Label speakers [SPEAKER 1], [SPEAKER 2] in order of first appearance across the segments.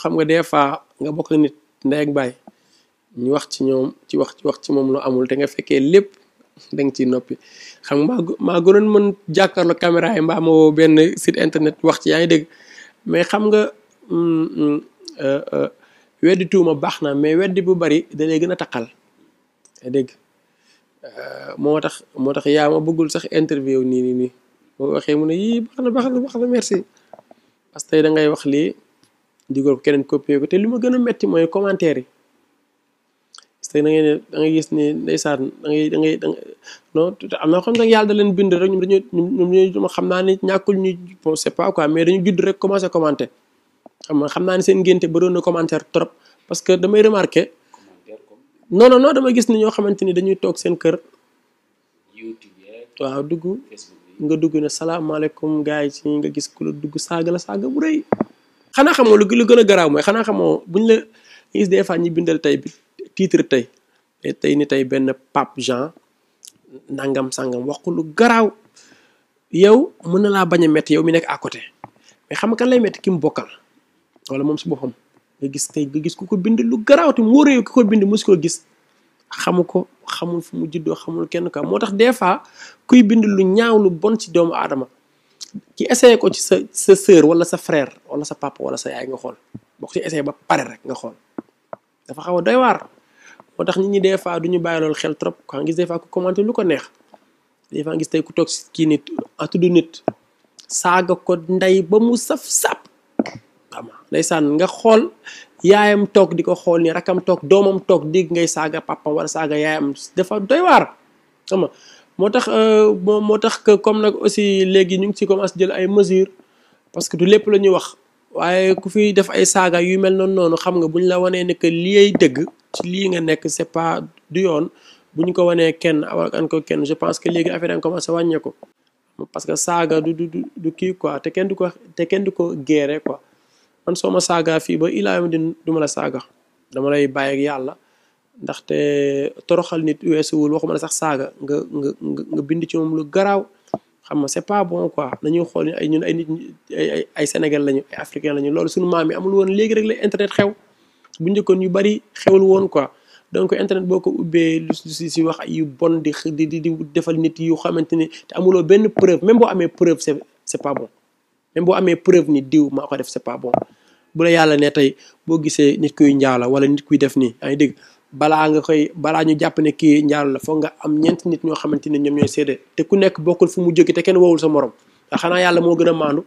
[SPEAKER 1] xam nga de fois nga bokka nit ndey ak baay ñu wax ci ñoom ci wax ci wax ci moom lu amul te nga fekkee lépp da nga ciy noppi xam nga maa maa gënoon mën jàkkaarloo caméra yi mbaa benn site internet wax ci yaa ngi dégg mais xam nga mm, mm, euh, euh, weddi tuuma baax na mais weddi bu bari da gën a taqal dégg euh, moo tax moo tax yaa ma bëggul sax interview nii nii nii boo waxee mu ne yii baax na baax na merci parce que wax lii digal ko keneen copier ko te li ma gën a metti mooy commentaire yi parce que da da ngay gis ni ndeysaan da ngay da ngay da non am na xam sax yàlla leen bind rek ñoom dañuy ñoom ñoom xam naa ni ñàkkul ñu bon c'est pas mais dañu judd rek commencé commenter xam nga xam naa ne seen ngénte bëroon na commentaire trop parce que damay remarqué non non dama gis ne ñoo xamante ni dañuy toog seen kër waaw dugg nga dugg ne salaamaaleykum gars yi ci nga gis ku la dugg saaga la saaga bu rëy xanaa xamoo lu lu gën a garaaw mooy xanaa xamoo ñu la gis des fois ñi bindal tey bi titre tey tey ni tey benn Pape Jean nangam sangam wax ko lu garaaw yow mën na laa bañ a métti yow mi nekk à côté mais xam nga kan lay métti ki mu bokkal wala moom si boppam nga gis tey gis ku ko bind lu garaaw te mu réew ki ko bind mos koo gis xamu ko xamul fu mu juddoo xamul kenn ka moo tax des fois kuy bind lu ñaaw lu bon ci doomu aadama ki essayé ko ci sa sa sœur wala sa frère wala sa papa wala sa yaay nga xool boo ko ci essayé ba pare rek nga xool dafa xaw a doy waar moo tax nit ñi des fois du ñu bàyyi loolu xel trop nga gis des fois ku lu ko neex des fois gis tey ku toog kii nit a tudd nit saaga ko ndey ba mu saf sap xam nga ndeysaan nga xool yaayam toog di ko xool nii rakam toog doomam toog dégg ngay saaga papa wala saaga yaayam dafa doy waar xam moo tax euh, bon moo tax comme nag aussi léegi ñu ngi ci commencé jël ay mesures parce que du lépp la ñuy wax waaye ku fi def ay saaga yu mel noonu noonu xam nga bu ñu la wanee ne que lii dëgg ci lii nga nekk c'est pas du yoon bu ñu ko wanee kenn awakan ko kenn je pense que léegi affaire yi commencé wàññeeku parce que saaga du du du kii quoi te kenn du ko te kenn du ko gérer quoi man soo ma saaga fii ba ilaa yawmi din du ma la saaga dama lay bàyyi yàlla. ndaxte toroxal nit weesuwul waxuma na sax saaga nga nga nga bind ci moom lu garaaw xam nga c'est pas bon quoi nañuy xool ay ñun ay nit ay ay Sénégal lañu ay africain lañu loolu suñu maam yi amul woon léegi rek la internet xew bu njëkkoon yu bari xewul woon quoi donc internet boo ko ubbee lu wax yu bon di di di defal nit yu xamante ni amuloo benn preuve même boo amee preuve c'est c'est pas bon même boo amee preuve ni diw maa ko def c'est pas bon bu la yàlla ne tey boo gisee nit kuy njaalo wala nit kuy def nii yaa dégg balaa nga koy balaa ñu jàpp ne kii njaaloo la foog nga am ñeenti nit ñoo xamante ni ñoom ñooy seede te ku nekk bokkul fu mu jóge te kenn wawul sa morom nga xanaa yàlla moo gën a maandu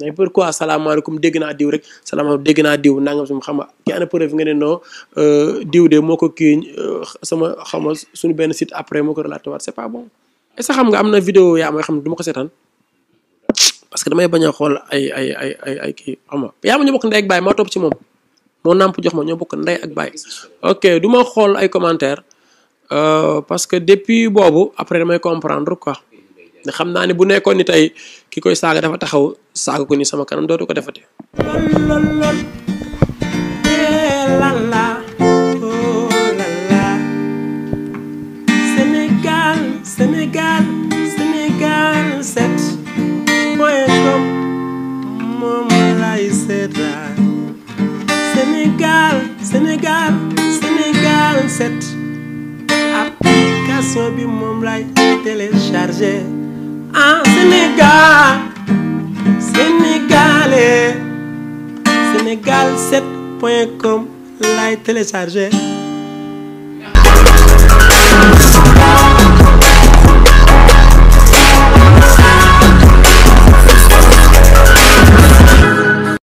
[SPEAKER 1] mais pourquoi salaamaaleykum dégg naa diw rek salaamaaleykum dégg naa diw nangam sum xam ki ana preuve nga ne non euh, diw de moo ko kii euh, sama xama suñu benn site après moo ko relaté waat c'est pas bon est ce que xam nga am na vidéo yaa may xam ne du ma ko seetaan parce que damay bañ a xool ay ay ay ay ay kii xam nga yaa ma ñu bokk ndey ak baay maa topp ci moom moo nàmp jox ma ñoo bokk ndey ak baay. ok duma xool ay commentaire euh, parce que depuis boobu après damay comprendre quoi xam naa ne bu nekkoon ni tey ki koy saaga dafa taxaw saaga ko ni sama kanam dootu ko defate
[SPEAKER 2] internet application bi moom lay téléchargé ah Sénégal sénégalais sénégal7.com lay téléchargé